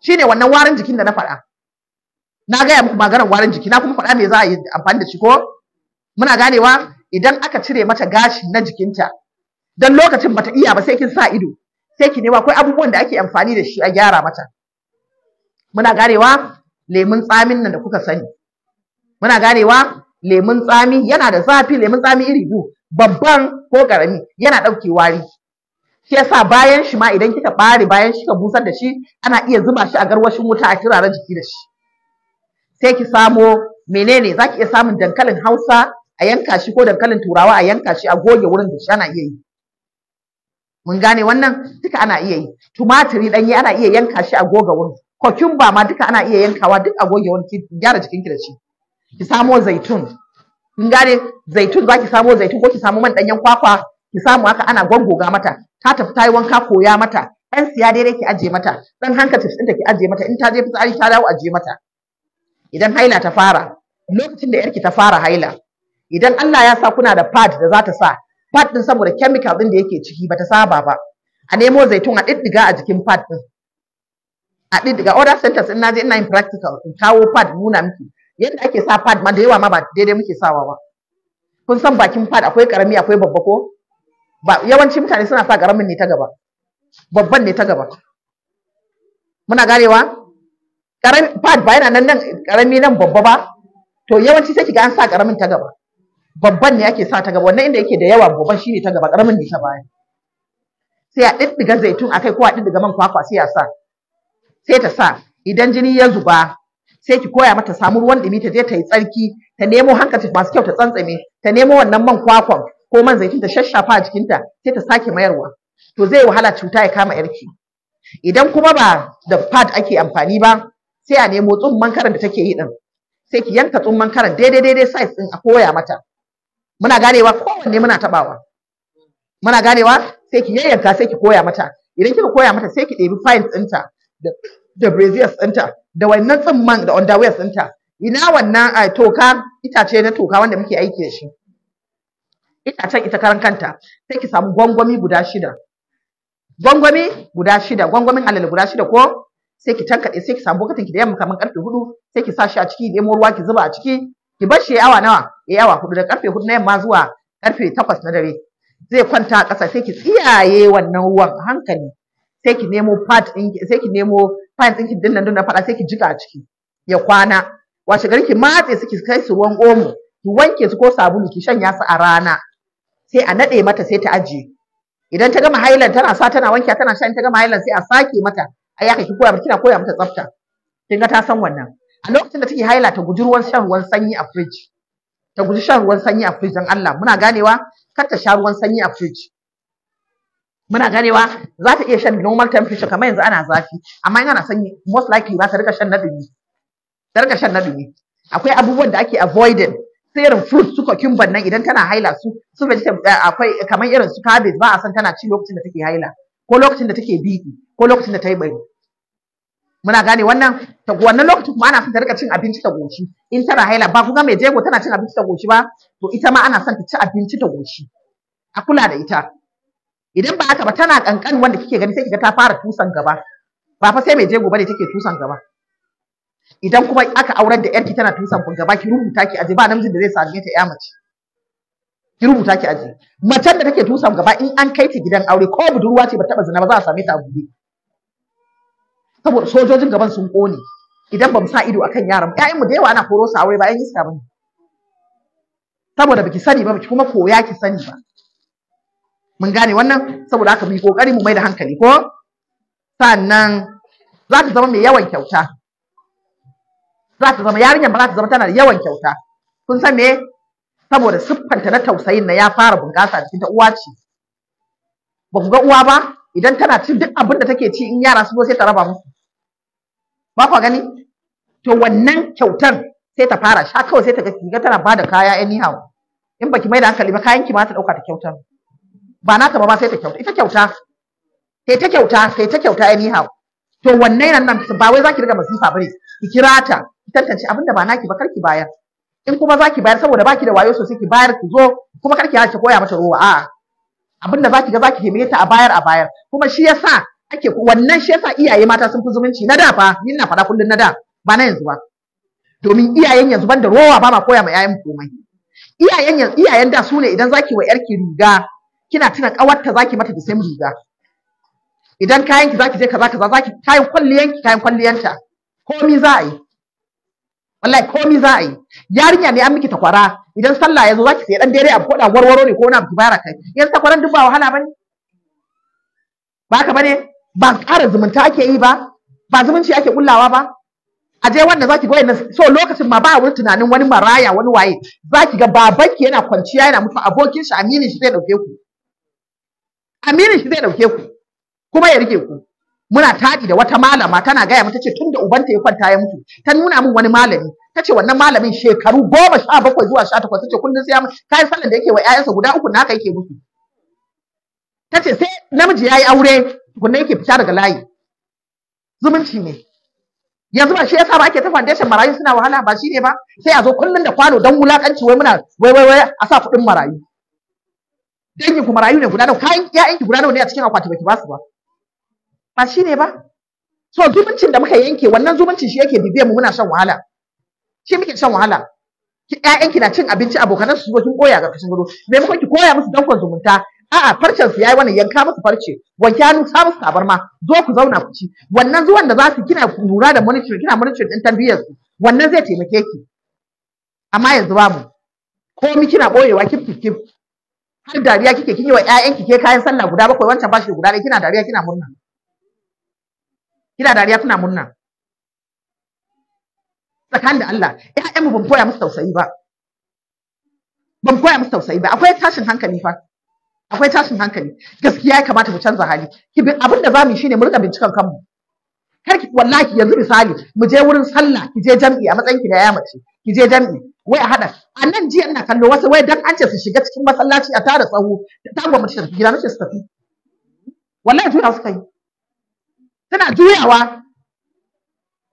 shine wannan warin jikin da na faɗa na gaya muku maganar warin jiki na kuma faɗa me za a yi amfani da shi ko muna ganewa idan aka cire mata gashi na jikinta dan lokacin bata iya ba sai kin sa ido sai ki nema akwai abubuwan da ake amfani da shi a gyara mata muna ganewa lemun tsamin nan da kuka sani muna ganewa lemun tsami yana da zafi lemun tsami iri biyu babban ko karami yana ɗauke wari shi yasa bayan shi ma idan kika bare bayan shi ka busar da shi ana iya zuba shi a garwashin wuta a kirara jiki da shi sai ki samo menene zaki iya samun dankalin Hausa a yanka shi ko dankalin Turawa a yanka shi a goge wurin da shi ana iya yi mun gane wannan duka ana iya yi tumatiri danye ana iya yanka shi a goge wurin kokumba ma duka ana iya yankawa duk a goge wurin ki gyara jikinki da shi ki samo zaitun mun gane zaitun zaki samo zaitun ko ki samo man danyen kwakwa ki samu haka ana gwanggoga mata ta tafi ta yi wanka koya mata ɗan siya dai dai ki aje mata ɗan hankacin ɗinta ki aje mata in ta je fitsari ta dawo aje mata idan haila ta fara lokacin da yarki ta fara haila idan Allah ya sa kuna da pad da za ta sa pad din saboda chemical din da yake ciki bata saba ba a nemo zaitun a diddiga a jikin pad din a diddiga order centers in naje ina yin practical in kawo pad nuna miki yadda ake sa pad ma da yawa ma ba daidai muke sawa ba kun san bakin pad akwai karami akwai babba ko ba yawanci mutane suna sa garamin ne ta gaba babban ne ta gaba muna garewa karami pad ba yana nan nan karami nan babba ba to yawanci sai kiga an sa karamin ta gaba babban ne yake sa ta gaba wannan inda yake da yawa babban shine ta gaba karamin ne ta baya sai a diddiga zaitun akai ko a diddiga man kwakwa sai a sa sai ta sa idan jini ya zuba sai ki koya mata samu ruwan dumi ta je ta yi tsarki ta nemo hankali masu kyau ta tsantsame ta nemo wannan man kwakwan ko man zaitun ta shashafa a jikinta sai ta sake mayarwa to zai wahala cuta ya kama yarki idan kuma ba da pad ake amfani ba sai a nemo tsumman karan da take yi din sai ki yanka tsumman karan daidai daidai size din a koya mata muna ganewa kowanne muna tabawa muna ganewa sai ki yayyanka sai ki koya mata idan kika koya mata sai ki ɗebi files ɗinta da braziers ɗinta da wannan tsumman da underwear ɗinta ina wannan toka itace na toka wanda muke aiki da shi can ita karan kanta sai ki samu gwangwami guda shida gwangwami guda shida gwangwamin alal guda shida ko sai ki tankade, sai ki samu bokatin ki da yamma kamar karfe hudu sai ki sa shi a ciki nemo ruwa ki zuba a ciki ki bar shi awa nawa ya awa hudu da karfe hudu na yamma zuwa karfe 8 na dare zai kwanta a ƙasa sai ki tsiyaye wannan ruwan hankali sai ki nemo pad ɗin sai ki nemo pad din ki dinnan dinnan faɗa sai ki jika a ciki ya kwana washe garin ki matse su ki kai su ruwan omo ki wanke su ko sabulu ki shanya su a rana sai a naɗe mata sai ta ajiye idan ta gama hailan tana sa tana wanke tana sha in ta gama hailan sai a sake mata ai aka ki koya kina koya mata tsafta kin ga ta san wannan a lokacin da take haila ta guji ruwan shan ruwan sanyi a fridge ta guji shan ruwan sanyi a fridge dan Allah muna ganewa kar ta sha ruwan sanyi a fridge muna ganewa za ta iya shan normal temperature kamar yanzu ana zafi amma in ana sanyi most likely ba ta rika shan na dumi ta rika shan na dumi akwai abubuwan da ake avoiding sai irin fruit su cucumber nan idan tana haila su su vegetable eh, akwai kamar irin su cabbage ba a san tana ci lokacin da take haila ko lokacin da take bibi, ko lokacin da ta yi bari muna gane wannan ta wannan lokacin kuma ana son ta rika cin abinci ta goshi in tana haila ba ku ga mai jego tana cin abinci ta goshi ba to ita ma ana son ta ci abinci ta goshi a kula da ita idan ba aka ba tana kankan wanda kike gani sai kiga ta fara tusan gaba ba fa sai mai jego bane take tusan gaba idan kuma aka aurar da yarki tana tusan kun gaba ki rubuta ki aje ba namijin da zai same ta ya mace ki rubuta ki aje macen da take tusan gaba in an kai ta gidan aure ko budurwa ce ba taba zina ba za a same ta a gobe saboda sojojin gaban sun kone idan bamu sa ido akan yaran ƴaƴan mu da yawa ana koro su aure ba ƴan iska bane saboda baki sani ba baki kuma koya ki sani ba mun gane wannan saboda haka mu yi kokari mu mai da hankali ko sannan za ta zama mai yawan kyauta za ta zama yarinyar ba za ta zama tana da yawan kyauta kun san me saboda siffanta na tausayin na ya fara bunƙasa ta uwa ce ba ku ga uwa ba idan tana ci duk abin da take ci in yara su zo sai ta raba musu ba ku gani to wannan kyautar sai ta fara sha kawai sai ta ga tana bada da kaya anyhow in baki mai da hankali ba kayan ki ma ta dauka ta kyautar ba naka ba sai ta kyauta ita kyauta sai ta kyauta sai ta kyauta anyhow to wannan nan ba wai zaki riga masifa bane ki kira ta ki tantance abin da ba naki ba karki bayar in kuma za ki bayar saboda baki da wayo sosai ki bayar ki zo kuma karki ya koya mata ruwa. a'a abin da za ki ga za ki taimake ta a bayar a bayar kuma shi yasa ake wannan shi yasa iyaye mata sun fi zumunci na da fa ni na faɗa kullun na da ba na yanzu ba domin iyayen yanzu banda rowa ba ma koya ma yayan komai iyayen yanzu iyayen da su ne idan za ki wa yarki riga kina tuna kawarta ki mata da same riga idan kayan ki zaki je kaza kaza zaki kayan kwalliyanki kayan kwalliyanta komi za a yi wallahi komi za a yi yarinya ne an miki takwara idan sallah ya zo zaki sai dan dare abu ko da warwaro ne ko wani abu ki bara kai yanzu takwaran duk ba wahala bane ba haka bane ba tsara zumunta ake yi ba ba zumunci ake kullawa ba a je wanda zaki ga na so lokacin ma ba wani tunanin wani maraya wani waye zaki ga babanki yana kwanciya yana mutu abokin shi aminin shi zai dauke ku aminin shi zai dauke ku kuma ya rike ku muna taɗi da wata malama tana gaya mata ce tunda ubanta ya kwanta ya mutu ta nuna min wani malami ta ce wannan malamin shekaru goma sha bakwai zuwa sha takwas ta ce sai ya yi sallan da yake wa 'ya'yansa guda uku naka yake musu ta ce sai namiji ya yi aure tukunna yake fita daga layi zumunci ne yanzu ba shi yasa ba ake ta foundation marayu suna wahala ba shi ne ba sai a zo kullum da kwano don wulakanci wai muna wai wai wai a sa kuɗin marayu dangin ku marayu ne guda nawa kayan ya ki guda nawa ne a cikin akwati baki ba su ba ba shi ne ba so zumuncin da muka yanke wannan zumuncin shi yake bibiye mu muna shan wahala shi muke shan wahala ki ƴaƴanki na cin abinci abokanan su zo kin koya ga kashin gado muka ki koya musu dankon zumunta a'a farcen su yayi wannan yanka musu farce wanke hannu sa musu tabarma zo ku zauna ku ci wannan zuwan da za su kina lura da monitor kina monitor din tarbiyyar su wannan zai taimake ki amma yanzu babu komi kina boyewa kif kif har dariya kike kin yi wa ƴaƴanki ke kayan sallah guda bakwai wancan bashi guda ɗaya kina dariya kina murna kina dariya kuna murna tsakanin da Allah ƴaƴan mu ban koya musu tausayi ba ban koya musu tausayi ba akwai tashin hankali fa akwai tashin hankali gaskiya ya kamata mu canza hali abin da zamu yi shine mu rika bincikan kanmu kar ki wallahi yanzu misali mu je wurin sallah ki je jam'i a matsayin ki da ya mace ki je jam'i wai a hada a nan jiya ina kallo wasu wai dan an ce su shiga cikin masallaci a tara tsawo ta gwa mace ta gida nace su tafi wallahi tuna suka yi tana juyawa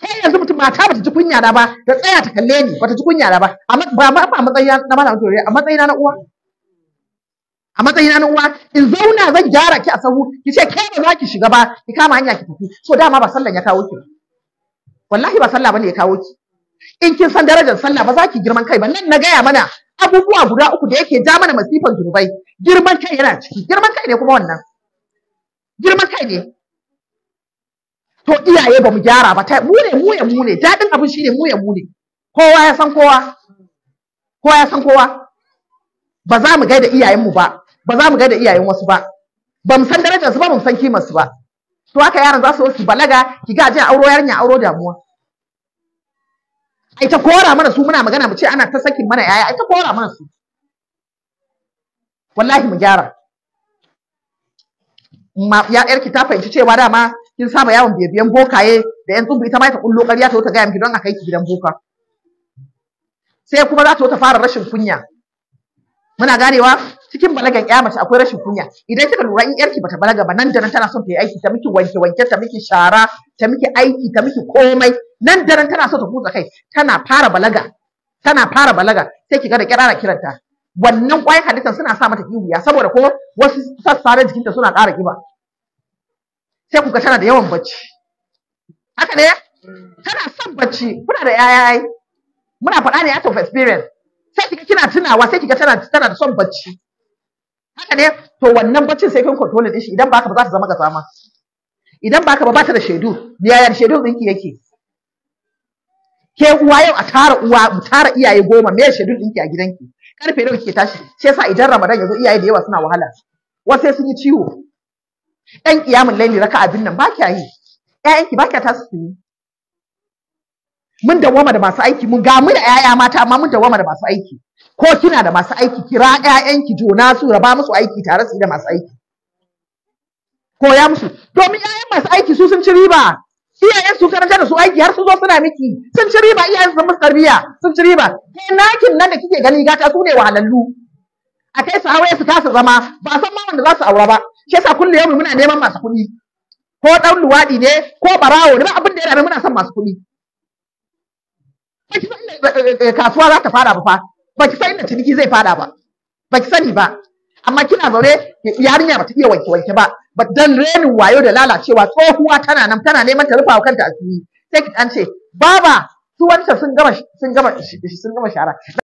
sai yanzu mutum mata bata ji kunya na ba ta tsaya ta kalle ni bata ji kunya na ba ba ma a matsayi na malam mutum a matsayi na uwa a matsayi na uwa in zauna zan gyara ki a sahu ki ce kai ba za ki shiga ba ki kama hanya ki tafi so dama ba sallan ya kawo ki wallahi ba sallah bane ya kawo ki in kin san darajar sallah ba za ki girman kai ba nan na gaya mana abubuwa guda uku da yake ja mana masifan zunubai girman kai yana ciki girman kai ne kuma wannan girman kai ne to iyaye ba mu gyara ba mu ne mu ya mu ne daɗin abin ne mu ya mu ne kowa ya san kowa kowa ya san kowa ba za mu gaida iyayenmu ba ba za mu gaida iyayen wasu ba ba mu san darajarsu ba ba mu san kimarsu ba to haka yaran za su su balaga ki ga jin auro yarinya auro damuwa ai ta kora mana su muna magana mu ce ana ta sakin mana yaya ai ta kora mana su wallahi mu gyara ma ya yarki ta fahimci cewa dama kin saba yawon bibiyan bokaye da yan tsumbu ita ma ta kullo ƙarya ta ta gaya miki don a kai ki gidan boka sai kuma za ta ta fara rashin kunya muna ganewa cikin balagan ƴa mace akwai rashin kunya idan kika lura in ƴarki bata balaga ba nan da nan tana son ta yi aiki ta miki wanke wanke ta miki shara ta miki aiki ta miki komai nan da nan tana so ta kutsa kai tana fara balaga tana fara balaga sai ga da kirara kiranta wannan kwai halittar suna sa mata kiwuya saboda ko wasu sassa na jikinta suna ƙara kiba sai kuka tana da yawan bacci haka ne tana son bacci kuna da yaya ai muna faɗa ne out of experience sai kika kina tunawa sai kika tana tana da son bacci haka ne to wannan baccin sai kin control din shi idan ba ka ba za ta zama gaza ma idan ba ka ba ba ta da shaidu yaya shaidu ɗinki yake ke uwa yau a tara uwa mu tara iyaye goma me shaidu ɗinki a gidanki karfe nawa kike tashi shi yasa idan ramadan yazo iyaye da yawa suna wahala wasu sai sun yi ciwo ɗan ƙiyamun laili raka abin nan ba kya yi ƴaƴanki ba kya tasu su yi mun dawama da masu aiki mun ga mun ƴaƴa mata amma mun dawama da masu aiki ko kina da masu aiki kira ƴaƴanki jona su raba musu aiki tare su yi da masu aiki koya musu domin ƴaƴan masu aiki su sun ci riba iyayen su karanta da su aiki har su zo suna miki sun ci riba iyayen su sun musu tarbiyya sun ci riba kai nakin nan da kike gani gata su ne wahalallu a kai su aure su kasa zama ba san ma wanda za su aura ba shi yasa kullu yau muna neman masu kuɗi ko ɗan luwaɗi ne ko ɓarawo ne ba abin da ya dame muna son masu kuɗi baki san eh, eh, eh, kasuwa za ta fara ba fa baki san inda ciniki zai fada ba baki sani ba amma kina zaune yarinya bata iya wanke wanke ba ba dan renin wayo da lalacewa tsohuwa tana nan tana neman ta rufa kanta asiri sai ki dan ce baba su wancan sun gama sun gama sun gama shara